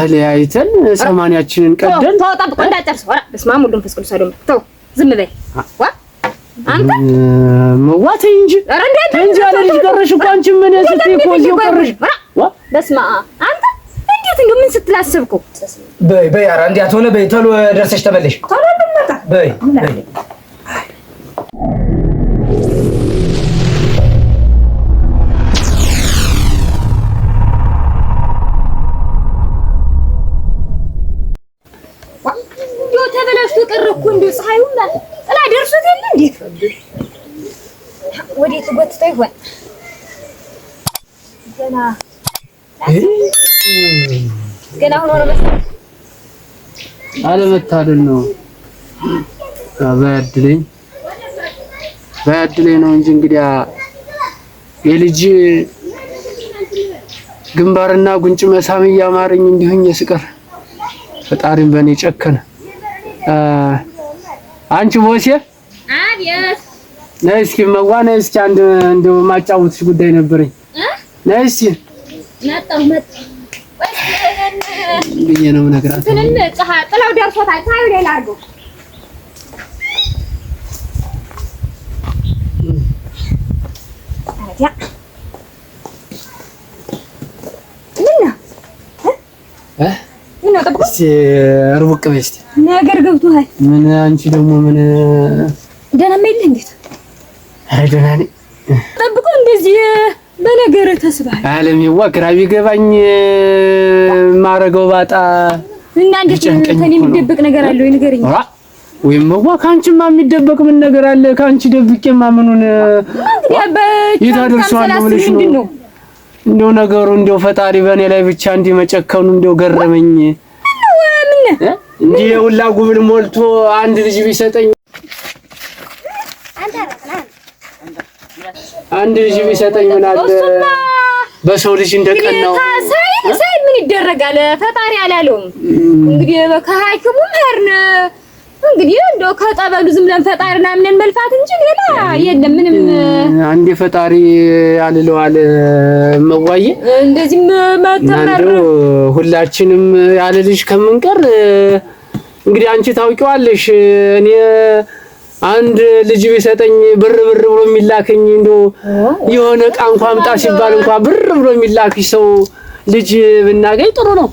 ተለያይተን ሰማንያችንን ቀደን ተው ጠብቆ እንዳጨርስ ወራ በስመ አብ ወወልድ ወመንፈስ ቅዱስ አሐዱ ተው ዝም በይ ዋ አንተ መዋት እንጂ ኧረ እንዴት እንጂ አለልሽ ቀረሽ እኮ አንቺ ምን ስትይ እኮ እዚሁ ቀረሽ ዋ በስመ አብ አንተ እንዴት እንደው ምን ስትል አሰብኩ በይ በይ ኧረ እንዴት ሆነ በይ ተሎ ደርሰሽ ተመለሽ ተሎ ልመጣ በይ በይ ቀረ እኮ እንደው ፀሐዩ ጥላ ደርሶት የለ እንዴት ወዴት ጎትቶ ይሆን ገና ገና ሆኖ ነው አለመታደል ነው ባያድለኝ ባያድለኝ ነው እንጂ የልጅ ግንባርና ጉንጭ መሳም እያማረኝ እንዲሁኝ ስቀር ፈጣሪም በእኔ ጨከነ። አንቺ ቦሴ አብየስ ነይ እስኪ መዋ ነይ እስኪ አንድ እንደው ማጫወትሽ ጉዳይ ነበረኝ። ነይ እስኪ መጣሁ መጣሁ ብዬሽ ነው የምነግራት። ጥለው ደርሶታል። ሌላ ሩቅ በይ ነገር ገብቶሃል። ምን አንቺ ደግሞ ምን ደህና የለ እንዴት? ኧረ ደህና ነኝ። ጠብቆ እንደዚህ በነገር ተስባል አለም ይዋ ግራ ቢገባኝ ማረገው ባጣ እና እንዴት ከእኔ የሚደበቅ ነገር አለ ወይ ንገረኝ። ወይም ዋ ከአንቺማ የሚደበቅ ምን ነገር አለ? ከአንቺ ደብቄማ ምኑን የት አደርሰዋለሁ ብለሽ ነው እንደው ነገሩ እንደው ፈጣሪ በእኔ ላይ ብቻ እንዲህ መጨከኑ እንደው ገረመኝ። እንዲህ የሁላ ጉብል ሞልቶ አንድ ልጅ ቢሰጠኝ አንድ ልጅ ቢሰጠኝ ምን አለ በሰው ልጅ እንደቀናው ሳይ ምን ይደረጋል? ፈጣሪ አላለውም እንግዲህ ከሐኪሙ መርነ እንግዲህ እንደው ከጠበሉ ዝም ብለን ፈጣሪና ምንን መልፋት እንጂ ሌላ የለም ምንም። አንዴ ፈጣሪ ያልለዋል መዋዬ እንደዚህ መተናር ሁላችንም ያለልሽ ከምንቀር እንግዲህ አንቺ ታውቂዋለሽ። እኔ አንድ ልጅ ቢሰጠኝ ብር ብር ብሎ የሚላከኝ እንደው የሆነ ዕቃ እንኳን አምጣ ሲባል እንኳን ብር ብሎ የሚላክሽ ሰው ልጅ ብናገኝ ጥሩ ነው።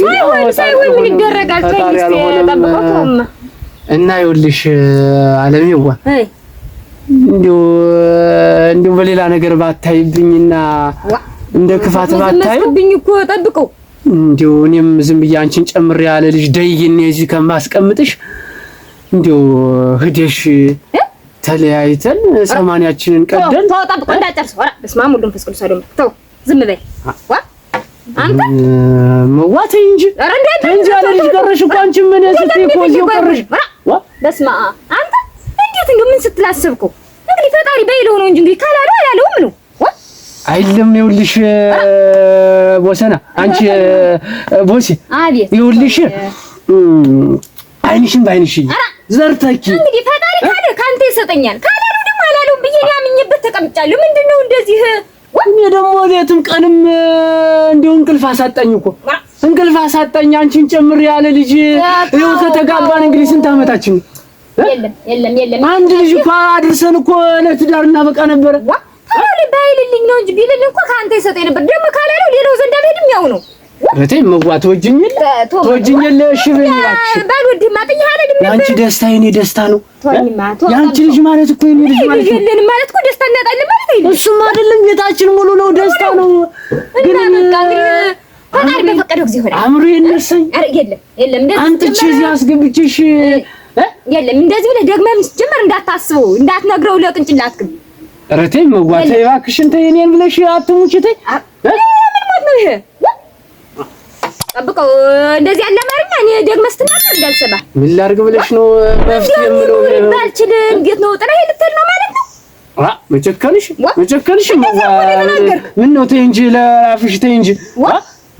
ሳይሆን ሳይሆን ምን ይደረጋል? እና ይኸውልሽ አለሜዋ እንዲሁ እንዲሁ በሌላ ነገር ባታይብኝና እንደ ክፋት ባታይ እኮ ጠብቀው እንዲሁ እኔም ዝም ብዬ አንቺን ጨምር ያለ ልጅ ደይኔ እዚህ ከማስቀምጥሽ እንዲሁ ህደሽ ተለያይተን ሰማንያችንን ቀደን ጠብቆ እንዳጨርሰው። ኧረ በስመ አብ ወወልድ ወመንፈስ ቅዱስ ደግሞ ተው ዝም በይ ዋ አንተ መዋት እንጂ እንጂ አለ ልጅ ቀረሽ እኮ አንቺ ምን ስትይ እኮ እዚሁ ቀረሽ በስማ አንተ እንዴት እንደው ምን ስትላስብኩ እንግዲህ ፈጣሪ በይለው ነው እንጂ እንግዲህ ካላለው አላለውም ነው አይለም። ይኸውልሽ ቦሰና፣ አንቺ ቦሴ፣ አቤት። ይኸውልሽ አይንሽን ባይንሽ ዘርተኪ እንግዲህ ፈጣሪ ካለ ካንተ ይሰጠኛል፣ ካላለው ደግሞ አላለውም ብዬ ያምኝበት ተቀምጫለሁ። ምንድነው እንደዚህ እኔ ደግሞ ሌትም ቀንም እንደው እንቅልፍ አሳጣኝ እኮ እንቅልፍ አሳጣኝ፣ አንቺን ጨምር ያለ ልጅ ይኸው ከተጋባን እንግዲህ ስንት አመታችን ነው? አንድ ልጅ እኮ አድርሰን እኮ ለትዳር እናበቃ ነበረ። ባይልልኝ ነው እንጂ ቢልልኝ እኮ ከአንተ ይሰጠኝ ነበር። ደግሞ ካላለው ሌላው ዘንድ አልሄድም። ያው ነው እቴ መዋ ተወጅኝ ተወጅኝ ለሽ የአንቺ ደስታ የኔ ደስታ ነው። የአንቺ ልጅ ማለት እኮ የኔ ልጅ ማለት ነው ደስታ እናጣለን ማለት አይደለም። እሱም አይደለም ቤታችን ሙሉ ነው ደስታ ነው። ግን ፈቃድ በፈቀደው ጊዜ ሆነ አእምሮ የነሰኝ የለም የለም አንጥቼ እዚህ አስገብቼሽ የለም እንደዚህ ብለህ ደግመህ ጀመር እንዳታስበው እንዳትነግረው ለቅንጭላት ግን እረቴ መዋቴ እባክሽን ተይ፣ እኔን ብለሽ አትሙች። ተይ ምን ማለት ነው ይሄ? ጠብቀው እንደዚህ ያለ አማርኛ እኔ ደግመህ ስትናገር እንዳልሰማ ምን ላድርግ ብለሽ ነው መፍትሄ የምለው ባልችል እንዴት ነው ጥራ ልትል ነው ማለት ነው? አ መጨከንሽ መጨከንሽ ምን ነው? ተይ እንጂ ለራፍሽ ተይ እንጂ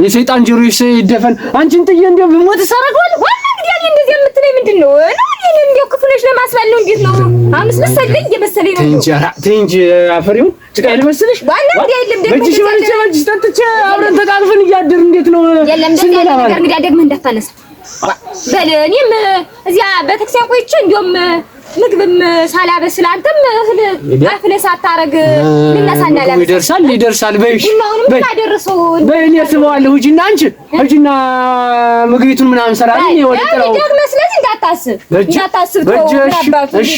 የሰይጣን ጆሮሽ ይደፈን። አንቺን ጥዬ እንደው ብሞት እሰረገዋለሁ እንዴ እንደዚህ የምትለኝ ምንድን ነው? እኔ እንዴው ክፉ ነሽ ለማስባል ነው። እንዴት ነው አምስት መሰለኝ እየመሰለኝ ነው። ትንጀራ ትንጅ አፈሪው ጭቃ ይመስልሽ ዋና እንዴ የለም ደግሞ ልጅሽ ወልቼ ወልቼ ተጥቼ አብረን ተቃቅፈን እያደር እንዴት ነው የለም ደግሞ እንግዲህ ደግመህ እንዳታነሳ በል እኔም እዚያ ቤተክርስቲያን ቆይቼ እንዲያውም ምግብም ሳላበስል አንተም እህል አፍለህ ሳታረግ ልናሳ እንዳላበስል ይደርሳል ይደርሳል። በይሽ ሁንም ታደርሰው በእኔ ስበዋለሁ። ሂጂና አንቺ ሂጂና ምግቢቱን ምናምን ሰራልኝ ወደ ጥራው ይደግ መስለኝ እንዳታስብ እንዳታስብ ተው አባቱ እሺ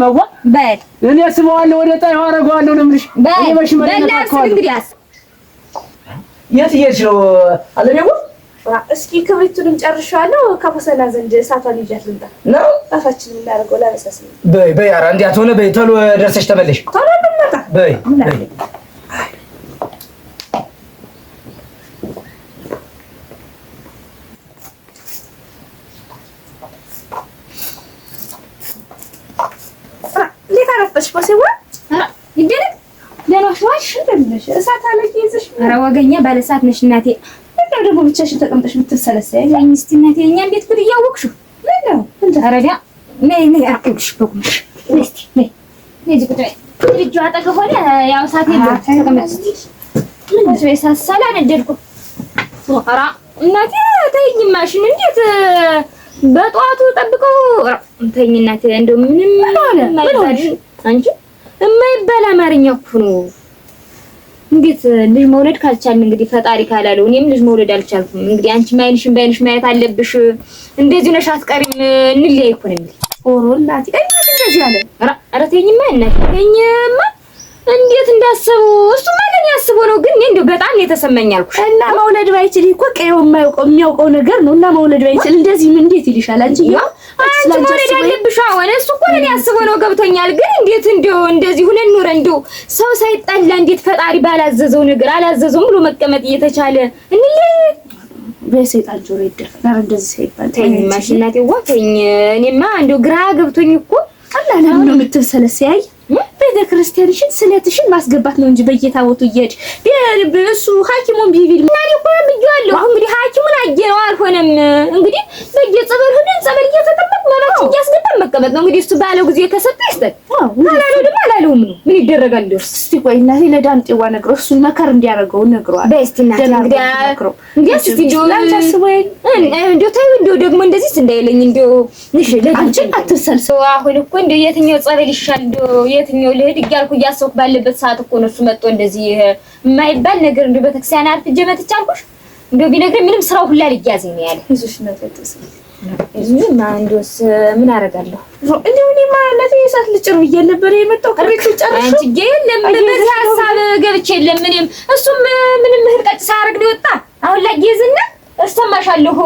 መዋ በል እኔ ስበዋለሁ። ወደ ጥራው አረገዋለሁ ነው የምልሽ። እኔ በሽ መለና ካለ የት እየሄድሽ ነው አለ ደግሞ እስኪ ክብሪቱንም ጨርሻለሁ። ከቦሰና ዘንድ እሳቷን ይዣት ልምጣ ነው። ጣፋችን የምናደርገው ላነሳስ በይ በይ። ኧረ እንዲህ አትሆነ በይ። ቶሎ ደርሰሽ ተመለሽ። ቶሎ ልመጣ በይ በይ ወገኛ ባለሰዓት ነሽ እናቴ ብቻሽን ተቀምጠሽ የምትሰለሰይ ሚስትነት የኛ እንዴት ጉድ እያወቅሹ ምን ነው እንደ ልጁ አጠገብ ሆነ ያው ሳት ራ እናቴ ተይኝ ማሽን እንዴት በጠዋቱ ጠብቀው ተይኝ እናቴ እንደው ምንም አንቺ የማይባል አማርኛ እኮ ነው እንዴት ልጅ መውለድ ካልቻልን እንግዲህ ፈጣሪ ካላለው እኔም ልጅ መውለድ አልቻልኩም። እንግዲህ አንቺ ማይንሽን ባይንሽ ማየት አለብሽ። እንደዚህ ነሽ አትቀሪም። እንለያይ እኮ ነው የሚል ኦሮላቲ እንደዚህ ያለ ኧረ ተይኝማ፣ እናት ተይኝማ። እንዴት እንዳሰቡ እሱማ እኔ አስቦ ነው ግን እኔ እንደው በጣም የተሰማኝ አልኩሽ። እና መውለድ ባይችል እኮ ቀየው የማያውቀው የሚያውቀው ነገር ነው። እና መውለድ ባይችል እንደዚህ ምን እንዴት ይልሻል አንቺ? አንቺ መውለድ አለብሽ። አሁን እሱ እኮ እኔ አስቦ ነው ገብቶኛል። ግን እንዴት እንደው እንደዚህ ሁነን ኖረ እንደው ሰው ሳይጣላ እንዴት ፈጣሪ ባላዘዘው ነገር አላዘዘውም ብሎ መቀመጥ እየተቻለ እንለይ በሰይጣን ጆሮ ይደፈን። እንደዚህ ሳይባል ተይኝ ማሽናቴ፣ ዋ እኔማ እንደው ግራ ገብቶኝ እኮ አላና ነው የምትሰለሰያይ ቤተ ክርስቲያንሽን ስለትሽን ማስገባት ነው እንጂ በየታቦቱ እየሄድሽ እሱ ሐኪሙን ቢቢል ማሪ ቆም ይያለው። አሁን እንግዲህ ሐኪሙን አየረው አልሆነም። እንግዲህ በየጸበል ሁሉ ጸበል እየተጠመቀ እያስገባን መቀመጥ ነው እንግዲህ። እሱ ባለው ጊዜ የተሰጠ ይስጠን፣ አላለው ደግሞ አላለውም ነው። ምን ይደረጋል? እንደው እስቲ ቆይ እናቴ ለዳምጤዋ ነግሮ እሱን መከር እንዲያደርገው ነግሯል። እስቲ ደግሞ እንደዚህ ንሽ አሁን እኮ የትኛው ጸበል ይሻል እንደው የትኛው ልሂድ እያልኩ እያሰብኩ ባለበት ሰዓት እኮ ነው እሱ መጥቶ እንደዚህ የማይባል ነገር እንደው ቤተክርስቲያን አርፍጄ መጥቻ አልኩሽ። እንደው ቢነግረኝ ምንም ስራው ሁላ ልያዘኝ ነው ያለ እዚህማ ምን አደርጋለሁ? እንደው እኔ ማለት እሳት ልጭር ብዬሽ ነበር የመጣው ከቤት ልጨርሽ። አንቺ የለም በዚህ ሀሳብ ገብቼ የለም እኔም እሱም ምንም ምህር ቀጭ ሳያደርግ ነው የወጣ። አሁን ላጊዝና እሰማሻለሁ።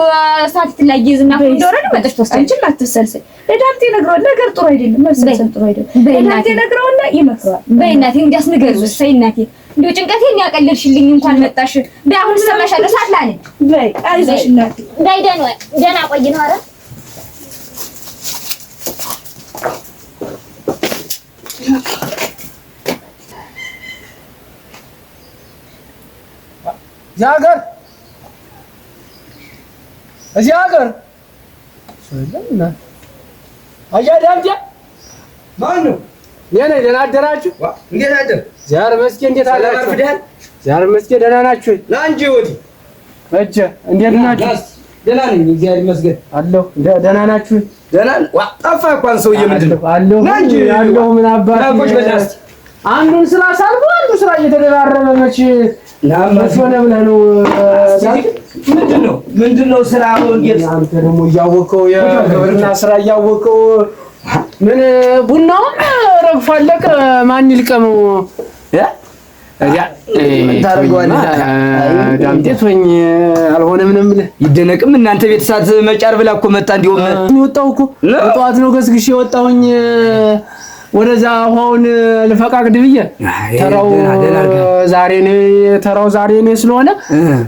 እሳት ትላጊዝና አሁን እንደወረደ መጥሽ ተወሰደ። አንቺ አትሰልሰይ። ለዳምጤ ነግረውና ነገር ጥሩ አይደለም፣ መሰልሰል ጥሩ አይደለም። ለዳምጤ ነግረውና ይመክረዋል። በይ እናቴ እንዲያስ ንገሪው። እሰይ እናቴ እንዴ ጭንቀቴን ያቀለልሽልኝ እንኳን መጣሽ። ዳሁን ሰማሻለሁ። ሳትላኝ በይ አይዞሽ እናት በይ ደህና ደህና ቆይ ነው። አረ እዚህ ሀገር እዚህ ሀገር አያ ዳምጤ ማን ነው? የኔ ደህና አደራችሁ። እንዴት አደር ዛር መስኬ እንዴት አላችሁ? ዛር መስኬ ደህና ናችሁ? ላንጂ ወዲ ወዲህ እጀ እንዴት ናችሁ? ደህና ነኝ፣ እግዚአብሔር ይመስገን አለሁ። ደህና ናችሁ? ደህና ጠፋ እኮ አንተ ሰውዬ ምንድን ነው? ላንጂ አለሁ። ምን አባትህ አንዱን ስራ ሳልቦ አንዱ ስራ እየተደራረበ መቼ መቼ ሆነ ብለህ ነው? ምንድን ነው ምንድን ነው ስራ አንተ ደግሞ እያወቀው የግብርና ስራ እያወቀው ምን ቡናውን ረግፋለቅ ማን ይልቀመው ዳምጤት ሆኝ አልሆነ ምንም ይደነቅም። እናንተ ቤት እሳት መጫር ብላ እኮ መጣ። እንዲሁም የወጣው እኮ ጠዋት ነው ገስግሽ የወጣሁኝ ወደዛ ውሃውን ልፈቃቅድ ብዬ ተራው ዛሬ ተራው ዛሬ ነው ስለሆነ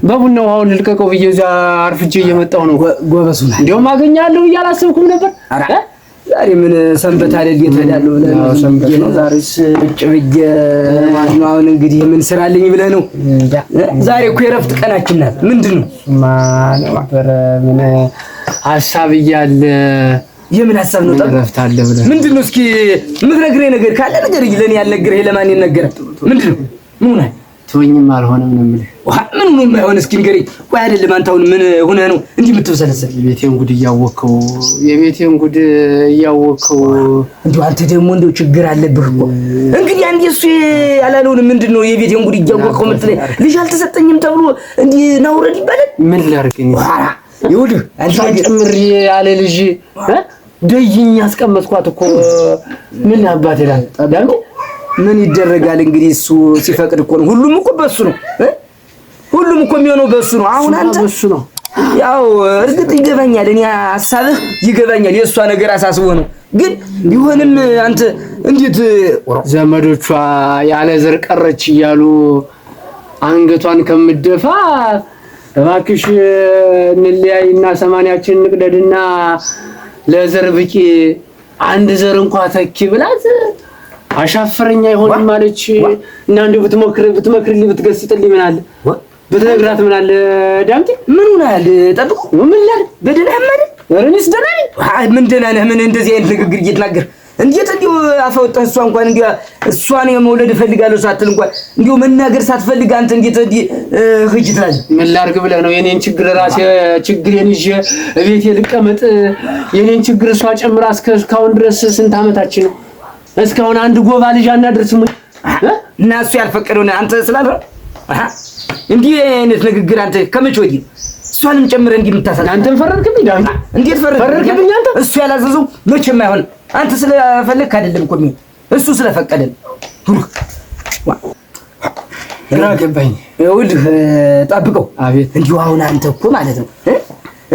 በቡና ውሃውን ልልቀቀው ብዬ እዛ አርፍቼ እየመጣሁ ነው። ጎበሱ እንዲሁም አገኛለሁ ብዬ አላሰብኩም ነበር። ዛሬ ምን ሰንበት አይደል? እየተሄዳለሁ ብለህ ነው? ዛሬስ ጭ ብዬ አሁን እንግዲህ ምን ስራ አለኝ ብለህ ነው? ዛሬ እኮ የረፍት ቀናችን ናት። ምንድን ነው ማህበር ምን ሀሳብ እያለ የምን ሀሳብ ነው? እረፍት አለ ብለህ ምንድን ነው? እስኪ የምትነግረኝ ነገር ካለ ነገር ለእኔ ያልነገረህ ለማን ይነገራል? ምንድን ነው? ምን ሆናል? ትወኝም አልሆነም ነው የምልህ። ምን ሆኖ የማይሆን እስኪ ንገሪ። ወይ አይደለም አንተ አሁን ምን ሆነ ነው እንዲህ የምትብሰለሰል? የቤቴን ጉድ እያወቅኸው የቤቴን ጉድ እያወቅኸው እንደው አንተ ደግሞ እንደው ችግር አለብህ እኮ እንግዲህ አንዴ እሱ ያላለውን ምንድን ነው የቤቴን ጉድ እያወቅኸው የምትለኝ? ልጅ አልተሰጠኝም ተብሎ እንዲህ ናውረድ ይባላል። ምን ላድርግ እኔ ይውድ አንተ ጨምሬ ያለ ልጅ ደይኝ ያስቀመጥኳት እኮ ምን አባት ይላል ምን ይደረጋል እንግዲህ እሱ ሲፈቅድ እኮ ነው። ሁሉም እኮ በሱ ነው። ሁሉም እኮ የሚሆነው በሱ ነው። አሁን አንተ በሱ ነው። ያው እርግጥ ይገባኛል፣ እኔ ሀሳብህ ይገባኛል። የእሷ ነገር አሳስቦ ነው። ግን ቢሆንም አንተ እንዴት ዘመዶቿ ያለ ዘር ቀረች እያሉ አንገቷን ከምደፋ እባክሽ እንለያይና ሰማንያችን ንቅደድና ለዘር ብቂ አንድ ዘር እንኳ ተኪ ብላት አሻፈረኛ አይሆንም አለች እና እንደው ብትሞክር ብትመክርልኝ ብትገስጥልኝ ምን አለ ብትነግራት ምን አለ ዳምጤ ምን ሆነሃል ጠብቁ ምን ላድርግ በደህና ማለ እኔስ ደህና ነኝ አይ ምን ደህና ነህ ምን እንደዚህ አይነት ንግግር እየተናገር እንዴት እንዲሁ አፈወጣህ እሷ እንኳን እንዲሁ እሷን የመውለድ እፈልጋለሁ ሳትል እንኳን እንዲሁ መናገር ሳትፈልግ አንተ እንዴት እንዲህ ህጅ ትላለህ ምን ላድርግ ብለህ ነው የኔን ችግር ራሴ ችግሬን ይዤ እቤቴ ልቀመጥ የኔን ችግር እሷ ጨምራ እስከ እስካሁን ድረስ ስንት አመታችን ነው እስካሁን አንድ ጎባ ልጅ አናደርስም እና እሱ ያልፈቀደውን አንተ ስላለ እንዲህ አይነት ንግግር አንተ ከመቼ ወዲህ እሷንም ጨምረህ እንዲህ የምታሳዝን አንተም ፈረድክብኝ። እንዴት ፈረድክብኝ? አንተ እሱ ያላዘዘው መቼም አይሆንም። አንተ ስለፈለግክ አይደለም እኮ የሚሆን እሱ ስለፈቀደ ነው። ገባኝ። ይኸውልህ ጠብቀው። አቤት። እንዲሁ አሁን አንተ እኮ ማለት ነው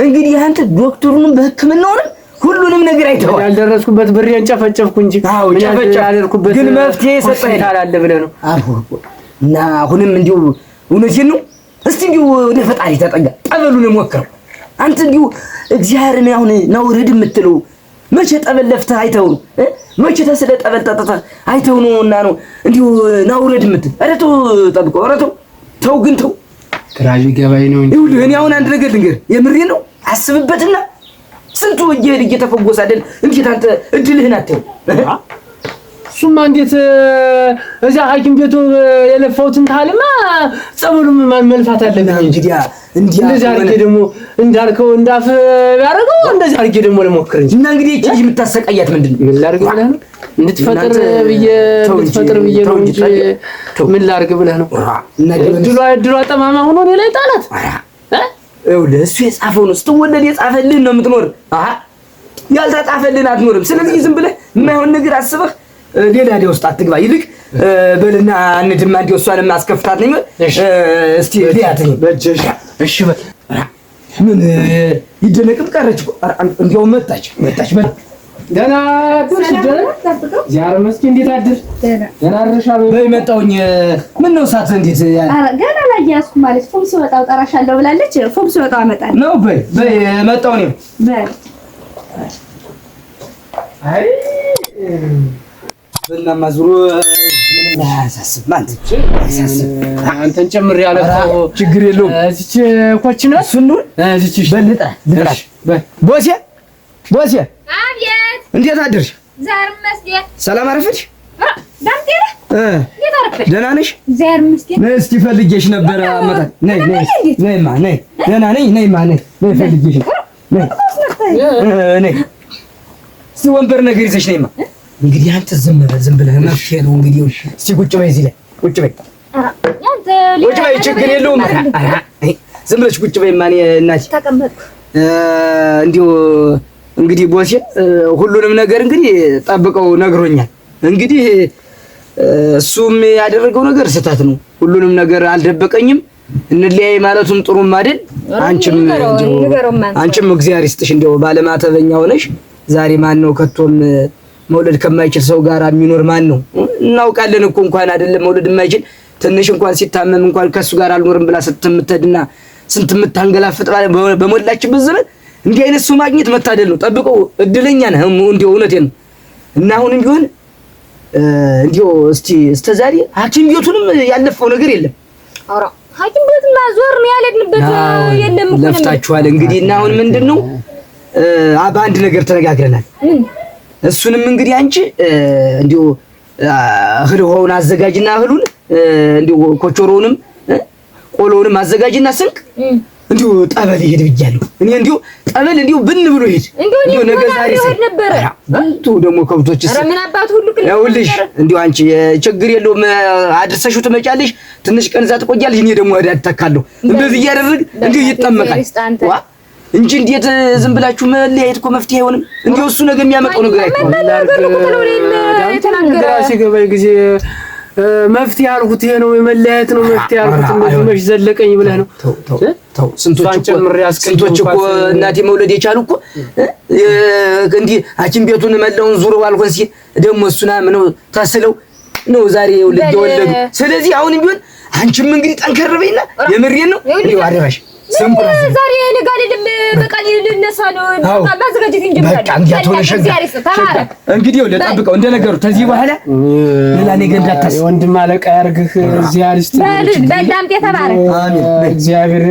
እንግዲህ አንተ ዶክተሩንም በሕክምናውንም ሁሉንም ነገር አይተዋል። ያልደረስኩበት ብር ያንጨፈጨፍኩ እንጂ አዎ፣ ያልደረስኩበት ግን መፍትሄ ሰጠኝ ታላለ ብለህ ነው እና አሁንም እንዲሁ እውነቴን ነው። እስቲ እንዲሁ ወደ ፈጣሪ ተጠጋ፣ ጠበሉን ሞክረው። አንተ እንዲሁ እግዚአብሔርን አሁን ናውርድ የምትለው መቼ ጠበል ለፍተህ አይተው ነው? መቼ ተስለ ጠበል ጠጥተህ አይተው ነው? እና ነው እንዲሁ ናውርድ የምትል ኧረ ተው፣ ጠብቆ ኧረ ተው ተው፣ ግን ተው፣ ትራጂ ገባይ ነው እንጂ ይኸውልህ፣ እኔ አሁን አንድ ነገር ልንገርህ፣ የምሬ ነው። አስብበትና ስንቱ እየሄድ እየተፈወሰ አይደል? እንዴት አንተ እድልህን አትይው? እሱማ እንዴት እዚያ ሐኪም ቤቱ የለፋሁትን ታልማ ጸበሉም ማን መልፋት አለብኝ። እንግዲያ እንደዚህ አድርጌ ደግሞ እንዳልከው እንዳፍ ያደረገው እንደዚህ አድርጌ ደግሞ ልሞክር እንጂ እና እንግዲህ እቺ የምታሰቃያት ምንድን ነው? ምን ላድርግ ብለህ ነው? እንድትፈጥር ብዬ እንድትፈጥር ብዬ ነው እንጂ ምን ላድርግ ብለህ ነው? እድሏ እድሏ ጠማማ ሆኖ እኔ ላይ ጣላት። እሱ የጻፈው ነው። ስትወለድ የጻፈልህን ነው የምትኖር። ያልተጻፈልህን አትኖርም። ስለዚህ ዝም ብለህ የማይሆን ነገር አስበህ ሌላ ዲያ ውስጥ አትግባ። ይልቅ በልና አንድማ እንዲያው እሷንም አስከፍታት ነው። እስቲ ሊያት በጀሽ እሺ በል ምን ይደነቅም ቀረች። እንዲያው መጣች መጣች ደህና አደርሽ ጃር መስኪ እንዴት አደርሽ? ደህና አደርሽ በይ መጣሁኝ። ምን ነው እንዴት ገና ላይ ማለት ፎም እጠራሻለሁ ብላለች። ፎም ስወጣ እመጣለሁ ነው። በይ በይ መጣሁ እኔም በይ። አንተን ጨምር ያለ ችግር የለውም። እዚች ኮች ናት። ቦሴ ቦሴ እንዴት አደርሽ? ሰላም አረፈች? ደህና ነሽ? እስኪ ፈልጌሽ ነበረ። አመጣ ደህና ነኝ ነይማ ነይ ፈልጌሽ ነይ ወንበር ነገር ይዘሽ ነይማ። እንግዲህ አንተ ዝም በል ዝም ብለህ መፍትሄ ነው እንግዲህ። እስኪ ቁጭ በይ እዚህ ላይ ቁጭ በይ ቁጭ በይ ችግር የለውም። ዝም ብለሽ ቁጭ በይማ እናቴ ተቀመጥኩ እንዲሁ እንግዲህ ቦሴ ሁሉንም ነገር እንግዲህ ጠብቀው ነግሮኛል። እንግዲህ እሱም ያደረገው ነገር ስህተት ነው። ሁሉንም ነገር አልደበቀኝም። እንለያይ ማለቱም ጥሩም አይደል። አንቺም አንቺም እግዚአብሔር ይስጥሽ እንደው ባለማተበኛ ሆነሽ ዛሬ ማን ነው ከቶም መውለድ ከማይችል ሰው ጋር የሚኖር ማን ነው? እናውቃለን እኮ እንኳን አይደለም መውለድ የማይችል ትንሽ እንኳን ሲታመም እንኳን ከሱ ጋር አልኖርም ብላ ስትምትሄድና ስንት የምታንገላፍጥ በሞላችበት ዘመን እንዲህ አይነት ሰው ማግኘት መታደል ነው። ጠብቆ እድለኛ ነህ። እንዲሁ እውነቴን ነው። እና አሁንም ቢሆን እንዲሁ እስቲ እስከ ዛሬ ሐኪም ቤቱንም ያለፈው ነገር የለም። ኧረ ሐኪም ቤቱማ ዞር ነው ያለንበት የለም እኮ ለፍታችኋል። እንግዲህ እና አሁን ምንድን ነው በአንድ ነገር ተነጋግረናል። እሱንም እንግዲህ አንቺ እንዲሁ እህል ውሃውን አዘጋጅና እህሉን እንዲሁ ኮቾሮውንም ቆሎውንም አዘጋጅና ስንቅ እንዲሁ ጠበል ይሄድ ብያለሁ እኔ እንዲሁ ጠበል እንዲሁ ብን ብሎ ይሄድ እንዲሁ ነገ ዛሬ ነበር አንቱ ደግሞ ከብቶች እስ ምን አባት ሁሉ ክል ያውልሽ እንዲሁ አንቺ ችግር የለውም አድርሰሽው ትመጫለሽ ትንሽ ቀን እዛ ትቆያለሽ እኔ ደግሞ ወደ አትተካለሁ እንደዚህ እያደረግ እንዲሁ ይጠመቃል እንጂ እንዴት ዝም ብላችሁ መለያየት እኮ መፍትሄ አይሆንም። እንዲሁ እሱ ነገር የሚያመጣው ነገር አይሆንም። ዳር ሲገባኝ ጊዜ መፍትሄ አልኩት ይሄ ነው የመለያየት ነው መፍትሄ አልኩት እንደዚህ መሽ ዘለቀኝ ብለህ ነው። ስንቶች እኮ እናቴ መውለድ የቻሉ እኮ እንዲህ ሐኪም ቤቱን መለውን ዙረው አልሆን ሲል ደግሞ እሱን ምነው ተስለው ነው ዛሬ የወለዱ። ስለዚህ አሁንም ቢሆን አንቺም እንግዲህ ጠንከር በይና የምሬን ነው እንዲሁ አደራሽ ዛሬ ነገ አይደለም፣ እንግዲህ ልጠብቀው እንደነገሩ። ከዚህ በኋላ ሌላ ነገር እንዳታስብ። የወንድም አለቃ ያርግህ። እግዚአብሔር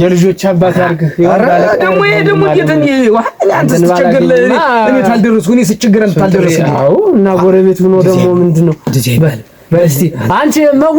የልጆች አባት ያርግህ። ደግሞ ይሄ ደግሞ አንተ ስትቸገር እኔ ታልደረሱ እኔ ስቸገር ታልደረሱ እና ጎረቤት ሆኖ ደግሞ ምንድን ነው አንቺ መዋ